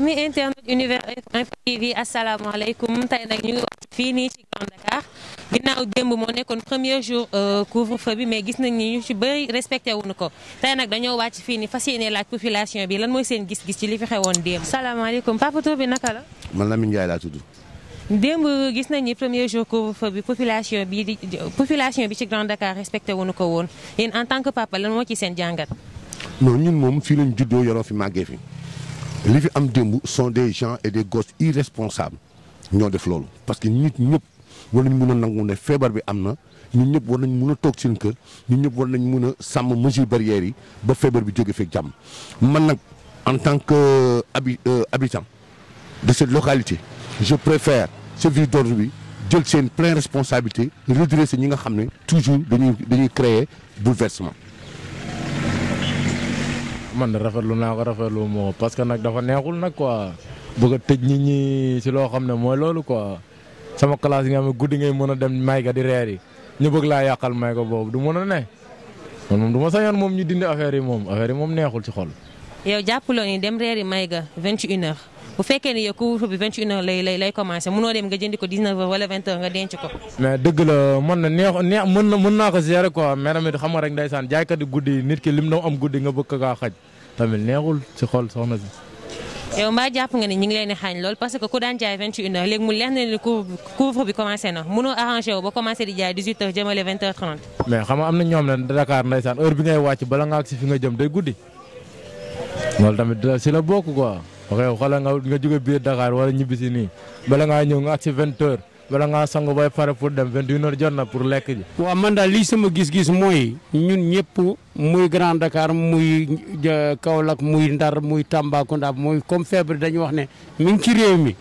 ami internet univers info tv asalaamaaleykum tey nag ñu ngi fii nii ci Grand Dakar ginnaaw démb moo nekkoon premier jour euh, couvre feu bi mais gis nañ ni ñu ci bëri respecté wuñu ko tey nag dañoo wàcc fii nii fas yéene laaj population bi lan mooy seen gis-gis ci li fi xewoon démb. salaamaaleykum papa Tour bi naka la. man Lamine Ndiaye laa tudd. démb gis nañ ni premier jour couvre feu bi population bi di population bi ci Grand Dakar respecté wuñu ko woon yéen en tant que papa la moo ci seen jàngat. non moom fii lañ juddoo yoroo fi màggee fi. li fi am démb son des gens et des gosses irresponsables ñoo def loolu parce que nit ñëpp war nañ mun a nangu ne feebar bi am na ñun ñëpp war nañ mun a toog seen kër ñun ñëpp war nañ mun a sàmm mesure barrières yi ba feebar bi jóge fekk jàmm man nag en tant que euh, habi euh, habitant de cette localité je préfère service d'ordre bi jël seen pleine responsabilité redresser ñi nga xam ne toujours dañuy dañuy créer bouleversement man rafetlu naa ko rafetlu moo parce que nag dafa neexul nag quoi bëgg a tëj nit si loo ne mooy loolu quoi sama classe nga xam guddi a a ma sañoon moom ñu dindi affaire yi moom affaire yi moom neexul ci xol. yow jàppuloo ni nga jëndi ko 19 ko. mais dëgg la man na neex neex mën na guddi nit ki lim doon am guddi nga bëgg kaa xaj. tamit neexul ci xol soxna si. yow mbaa jàpp nga ni ñu ngi xaañ lool parce que ku daan jaay 21h léegi mu leer na ni couvre bi commencé na mënoo arrangé wu ba commencé di jaay 18h jëmale 20h30. mais xam am na ñoom ne Dakar ndeysaan heure bi ngay wàcc bala nga ak si fi nga jëm day guddi loolu tamit si la bokk quoi wax yow xoolal nga nga biir Dakar wala ñibbi si nii bala ngaa ñëw nga ak si 20 bala ngaa sangu bay pare pour dem 21 heures jot na pour lekk ji. waaw man daal lii sama gis-gis mooy ñun ñëpp muy Grand Dakar muy Kaolack muy Ndar muy Tambacounda muy comme feebar dañu wax ne mu ci réew mi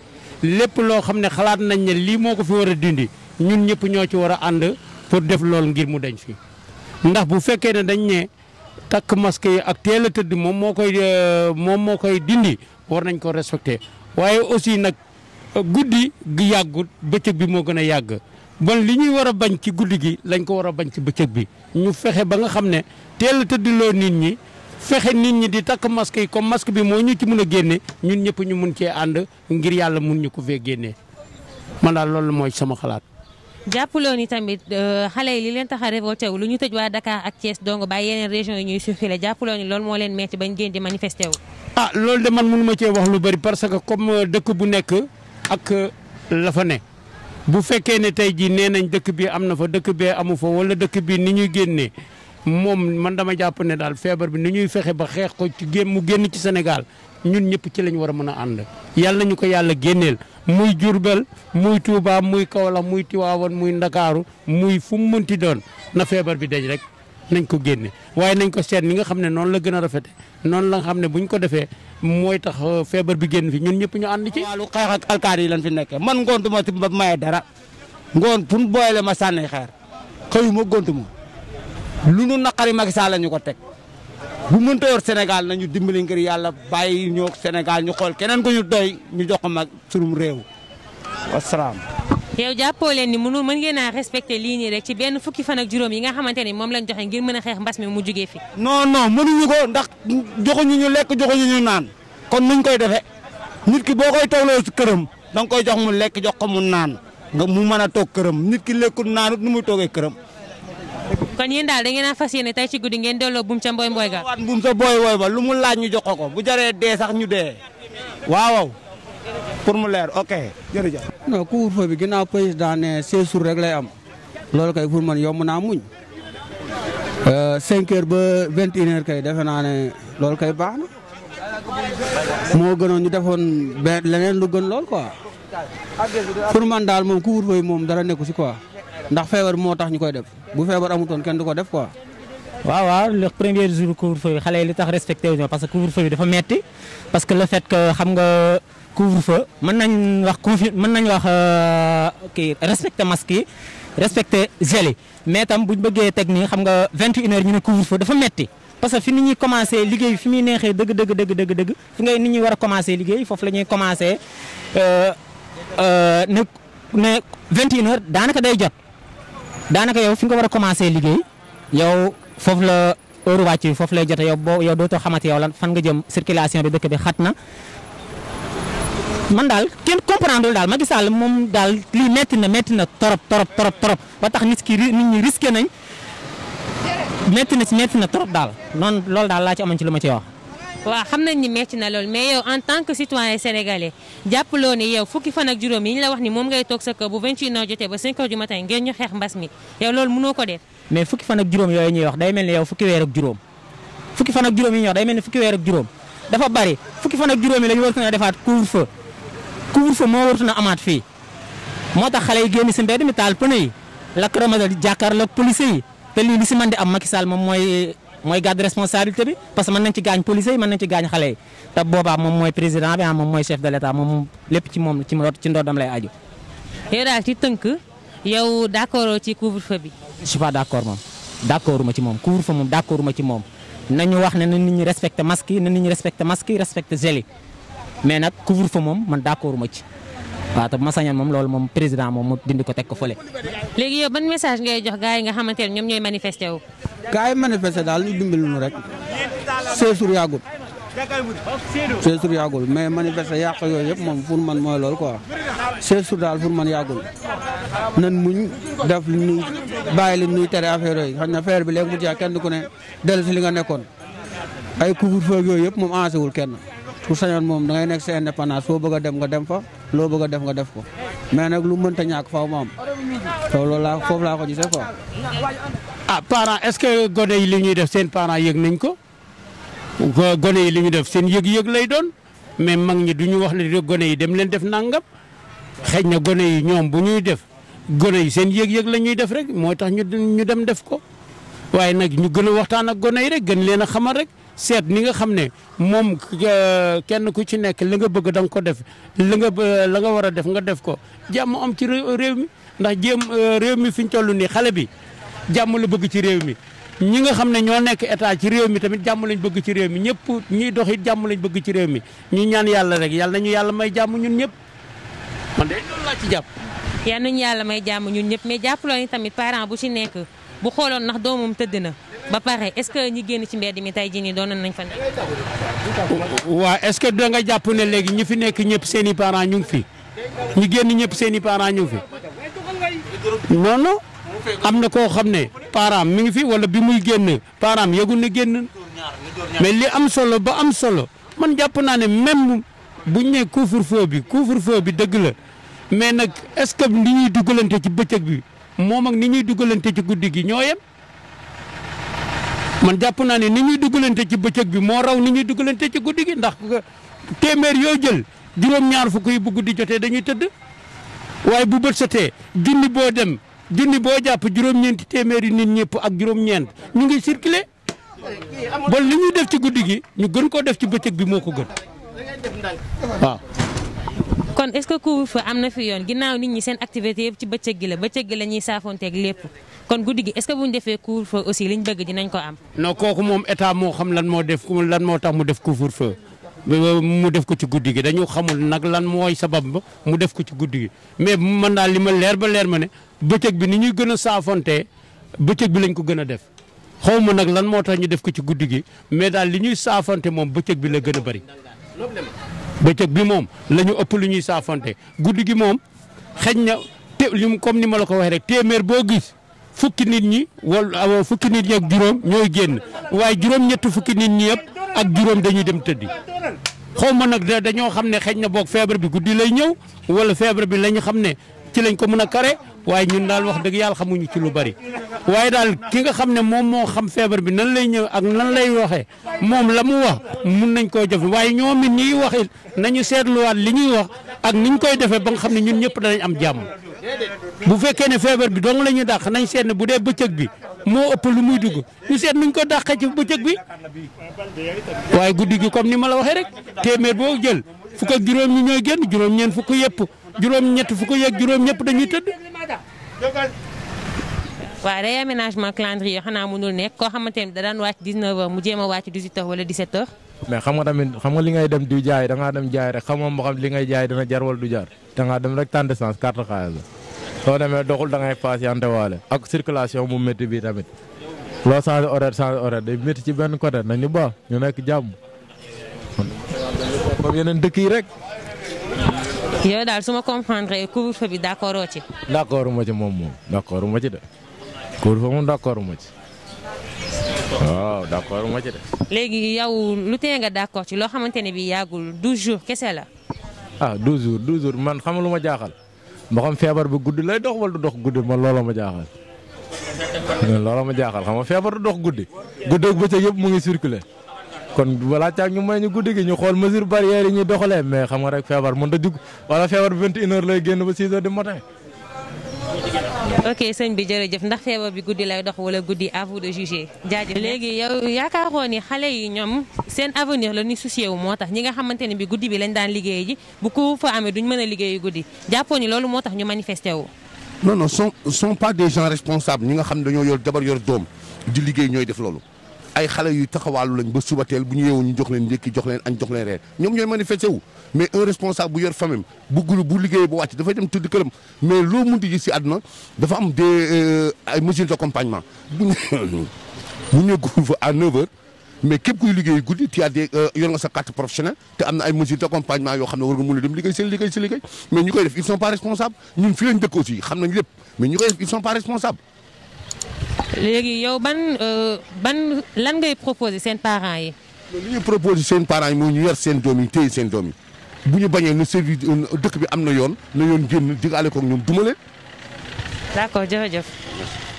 lépp loo xam ne xalaat nañ ne lii moo ko fi war a dindi ñun ñëpp ñoo ci war a ànd pour def loolu ngir mu dañ fi ndax bu fekkee ne dañ ne takk masque yi ak teel a tëdd moom moo koy euh, moom moo koy dindi war nañ ko respecté waaye aussi nag. guddi gi yàggut bëccëg bi moo gën a yàgg bon li ñuy war a bañ ci guddi gi lañ ko war a bañ ci bëccëg bi ñu fexe ba nga xam ne teel a tëddiloo nit ñi fexe nit ñi di takk masque yi comme masque bi moo ñu ci mën a génne ñun ñëpp ñu mun cee ànd ngir yàlla mun ñu ko fee génnee man daal loolu mooy sama xalaat. jàppaloo ni tamit euh, xale yi li leen tax a révolté u lu ñu tëj waa Dakar ak Thiès dong ba yeneen région yi ñuy suufile jàppaloo ni loolu moo leen metti bañ génn di ah, ma cee lu bari parce que comme euh, dëkk bu nekk. ak euh, la fa bu fekkee ne tey jii nee nañ dëkk bi am na fa dëkk bee amu fa wala dëkk bi ni ñuy génnee moom man dama jàpp ne daal feebar bi ni ñuy fexe ba xeex ko ci génn mu génn ci Sénégal ñun ñëpp ci lañ war a mën a ànd. yàlla ñu ko yàlla génneel muy Jurbel muy Touba muy Kaolack muy Tiwaawan muy Ndakaaru muy fu mu mënti doon na feebar bi daj rek. nañ ko génne waaye nañ ko seet ni nga xam ne noonu la gën a rafete noonu la nga xam ne bu ñu ko defee mooy tax euh, feebar bi génn fi ñun ñëpp ñu ànd ci. waaw xeex ak alkaati yi lañ fi nekkee man ngoon duma ci ba maye dara ngoon pour booyale ma sànni xeer xëyuma gontuma lu nu naqari Macky Sall la ñu ko teg bu te yor Sénégal nañu dimbali ngir yàlla bàyyi ñoo Sénégal ñu xool keneen ku ñu doy ñu jox ko mag surum réew wasalaam yow jàppoo leen ni mënu mën ngeen a respecté lii nii rek ci benn fukki fan ak juróom yi nga xamante ni moom lañ joxe ngir mën a xeex mbas mi mu jugee fi non non mënuñu ko ndax joxuñu ñu lekk joxuñu ñu naan kon nuñ koy defee nit ki boo koy toogloo si këram da nga koy jox mu lekk jox ko mu naan nga mu mën a toog këram nit ki lekkul naanut nu muy toogee këram. kon yéen daal da ngeen fas yéene tey ci guddi ngeen delloo buum ca mboy mboy ga. waat buum sa booy booy ba lu mu laaj ñu jox ko ko bu jaree dee sax ñu dee waaw pour mu leer ok jërëjëf. non couvre-feu bi ginnaaw président ne 16 jours rek lay am loolu kay pour man yomb naa muñ 5 euh, heures ba 21 heures kay defe naa ne loolu kay baax na moo gënoon ñu defoon benn leneen lu gën lool quoi pour man daal moom couvre-feu bi moom dara nekku si quoi ndax feebar moo tax ñu koy def bu feebar amutoon kenn du ko def quoi. waaw waaw le premier jour couvre-feu bi xale yi li tax respecté wuñu parce que couvre-feu bi dafa metti parce que le fait que xam nga couvre-feu mën nañ wax confi mën nañ wax euh, kii respecté maski yi respecté gel yi mais tam buñ bëggee teg nii xam nga 21 heures ñu ne couvre-feu dafa metti parce que fi nit ñuy commencé liggéey fi muy neexee dëgg dëgg dëgg dëgg dëgg ngay nit ñuy war a commencé liggéey foofu la ñuy commencé euh, euh, ne ne 21 heures daanaka day jot daanaka yow fi nga war a commencé liggéey foofu la heure wàcc bi foofu lay jot yow boo yow dootoo xamante yow lan fan nga jëm circulation bi dëkk bi xat na man daal kenn comprendre daal Macky Sall moom daal lii metti na metti na torop torop torop torop ba tax nit ki nit ñi risqué nañ na ci metti na torop daal noonu lool daal laa ci amoon ci lu ma ci wax. waaw xam nañ ni metti na lool mais yow en tant que citoyen sénégalais jàppaloo ni yow fukki fan ak juróom yi ñu la wax ni moom ngay toog sa kër bu 21h jotee ba 5h du matin ngeen ñu xeex mbas mi yow loolu mënoo ko def. mais fukki fan ak juróom yooyu ñuy wax day mel ni yow fukki weer ak juróom fukki fan ak juróom yi ñuy wax day mel ni fukki weer ak juróom dafa bari fukki fan juróom yi la wartu na defaat couvre-feu couvre-feu moo wartu na amaat fii moo tax xale yi génn si mbedd mi taal pneu yi lacrymogène jàkkaarloog police yi te lii li si mën am Macky moom mooy mooy gàddu responsabilité bi parce que mën nañ ci gaañ police yi mën nañ ci gaañ xale yi te boobaa moom mooy président bi ah, mooy chef de l' état moom moom ci ndodam lay aju. yow daal yow d' accord ci couvre feu bi. je suis d' accord moom d' accord ma ci moom couvre fa moom d' accord ma ci moom nañu wax ne na nit ñi respecté masque yi na nit ñi respecté masque yi respecté gel mais nag couvre fa moom man d' accord ma ci. waaw te ma sañoon moom loolu moom président moom mu dindi ko teg ko fële. léegi yow ban message ngay jox gars yi nga xamante ne ñoom ñooy manifester wu. gars yi manifester daal ñu dimbali ñu rek. 16 jours yàggul. cinq jours yàggul mais manifeste yàq yooyu yëpp moom pour man mooy loolu ko cinq jours daal pour man yàggul nan muñ def li ñuy bàyyi li ñuy tere affaire yooyu xam na affaire bi léegi mu jeex kenn ku ne dellu si li nga nekkoon ay couvre-feu yooyu yëpp moom enséwul kenn pour sañoon moom da ngay nekk sa indépendance foo bëgg a dem nga dem fa loo bëgg a def nga def ko mais nag lu mënta ñàkk faaw mu am loolu laa foofu laa ko gisee quoi. ah parents est-ce que gone yi li def seen parents yëg nañ ko. gone yi li ñu def seen yëg-yëg lay doon mais mag ñi du ñu wax ne gone yi dem leen def nangam xëy na gone yi ñoom bu ñuy def gone yi seen yëg-yëg la ñuy def rek mooy tax ñu ñu dem def ko. waaye nag ñu gën a waxtaan ak gone yi rek gën leen a xamal rek seet ni nga xam ne moom kenn ku ci nekk li nga bëgg da nga ko def li nga la nga war a def nga def ko jàmm am ci réew mi ndax jéem euh, réew mi fi ñu toll nii xale bi jàmm la bëgg ci réew mi. ñi nga xam ne ñoo nekk état ci réew mi tamit jàmm lañ bëgg ci réew mi ñëpp ñuy dox it jàmm lañ bëgg ci réew mi ñu ñaan yàlla rek yàlla nañu yàlla may jàmm ñun ñëpp man de loolu laa ci jàpp. yal may jàmm ñun ñëpp mais ni tamit parent bu ci nekk bu xooloon nax doomam tëdd na ba pare est-ce que ñi génn ci mbedd mi tey jii nii doon nañ fa nekk. waaw est-ce que doo nga jàpp ne léegi ñi fi nekk ñëpp seeni i parents ñu ngi fi ñi génn ñëpp seen i parents ñu fi non am na koo xam ne parent mi ngi fi wala bi muy génn parent yëgul na génn mais li am solo ba am solo man jàpp naa ne même buñ ne couvre-feu bi couvre-feu bi dëgg la mais nag est-ce que ni ñuy dugalante ci bëccëg bi moom ak ni ñuy dugalante ci guddi gi ñoo yem man jàpp naa ne ni ñuy dugalante ci bëccëg bi moo raw ni ñuy dugalante ci guddi gi ndax téeméer yoo jël juróom-ñaar fukk yi bu guddi jotee dañuy tëdd waaye bu bët setee junni boo dem junni boo jàpp juróom-ñeenti téeméeri nit ñëpp ak juróom-ñeent ñu ngi circulé bon li ñuy def ci guddi gi ñu gën koo def ci bëccëg bi moo ko gën waaw. kon est-ce que couvre-feu am na fi yoon ginnaaw nit ñi seen activité yëpp ci bëccëg gi la bëccëg gi la ñuy saafonteeg lépp kon guddi gi est-ce que bu ñu defee couvre-feu aussi liñ bëgg dinañ ko am. non kooku moom état moo xam lan moo def lan moo tax mu def couvre-feu mu def ko ci guddi gi dañu xamul nag lan mooy sabab ba mu def ko ci guddi gi mais man daal li ma leer ba leer ma ne bëccëg bi ni ñuy gën a saafontee bëccëg bi lañ ko gën a def xaw ma nag lan moo tax ñu def ko ci guddi gi mais daal li ñuy saafonte moom bëccëg bi la gën a bëri bëccëg bi moom la ëpp lu ñuy saafonte guddi gi moom xëj na te li comme ni ma la ko waxee rek téeméer boo gis fukki nit ñi wala fukki nit ñi ak juróom ñooy génn waaye juróom ñett fukki nit ñi yëpp ak juróom dañuy dem tëddi xaw ma nag dañoo xam ne xëj na boog feebar bi guddi lay ñëw wala feebar bi la xam ne ci lañ ko mën a kare waaye ñun daal wax dëgg yàlla xamuñu ci lu bari waaye daal ki nga xam ne moom moo xam feebar bi nan lay ñëw ak nan lay waxee moom la mu wax mun nañ koo jëf waaye ñoom it ñuy wax it nañu seetluwaat li ñuy wax ak niñ koy defee ba nga xam ne ñun ñëpp danañ am jàmm bu fekkee ne feebar bi dong la ñuy dàq nañ seet ne bu dee bëccëg bi moo ëpp lu muy digg ñu seet ñu ko dàqee ci bëccëg bi waaye guddi gi comme ni ma la waxee rek téeméer boo jël fukk ak juróom ñi ñooy génn juróom-ñeent fukk yëpp juróom-ñett fukk yeeg juróom ñëpp dañuy tëdd. waaw day aménagement calendrier xanaa mënul nekk ko xamante ni da daan wàcc 19h mu jéem a wàcc 18h wala 17h. mais xam nga tamit xam nga li ngay dem di jaay da ngaa dem jaay rek xamoo moo xam li ngay jaay dana jar wala du jar da dem rek tànn essence carte xaalis la soo demee doxul da ngay patienté waale ak circulation bu métti bi tamit loo changé horaire changé horaire day métti ci benn côté nañu baax ñu nekk jàmm. comme yeneen dëkk yi rek. yow daal su ma comprendre couvre-feu bi d'accord oo ci. d'accord ma ci moom moom d'accord ma ci léegi yow lu tee nga d'accord ci loo xamante ne bi yàggul douze jours kese la. ah douze jours douze jours man xam lu ma jaaxal. ba xam feebar bu gudd lay dox wala du dox guddi ma looloo ma jaaxal. looloo ma jaaxal xam nga feebar dox guddi guddi ak bëccëg yëpp mu ngi circulé kon balaa caag ñu may ñu guddi gi ñu xool mesure barrière yi ñuy doxalee mais xam nga rek feebar mënut a jug wala feebar bi 21 heures lay génn ba 6 heures du matin. ok sëñ bi jërëjëf ndax feebar bi guddi lay dox wala guddi à vous de juger jaajëf léegi yow yaakaaroon ni xale yi ñoom seen avenir la ñu soucié wu moo tax ñi nga xamante ne bi guddi bi lañ daan liggéey ji bu ko fa amee duñ mën a liggéeyu guddi jàppoon ni loolu moo tax ñu manifesté wu non non sont sont pas des gens responsables ñi nga xam ne dañoo yor jabar yor doom di liggéey ñooy def loolu ay xale yu taxawaalu lañ ba suba teel bu ñu yeewu ñu jox leen ndékki jox leen añ jox leen reer ñoom ñooy manifesté wu mais un responsable bu yor famille bu gulu bu liggéey bu wàcc dafay dem tudd këram mais loo munti gis si àdduna dafa am des euh, ay mesures d'accompagnement bu ñu bu ñu couvre-feu à 9h mais képp guddi tu as euh, nga sa carte professionnelle te am na ay mesures d'accompagnement yoo xam ne war nga mun a dem liggéey seen liggéey nañ lépp mais ñu léegi yow ban euh, ban lan ngay proposé seen parents yi. li ñuy proposé seen parents yi mooy ñu yar seen doom yi téye seen doom yi bu ñu bañee ne service euh, dëkk bi am na yoon na yoon génn digaale koog ñoom duma leen. d'accord jërëjëf.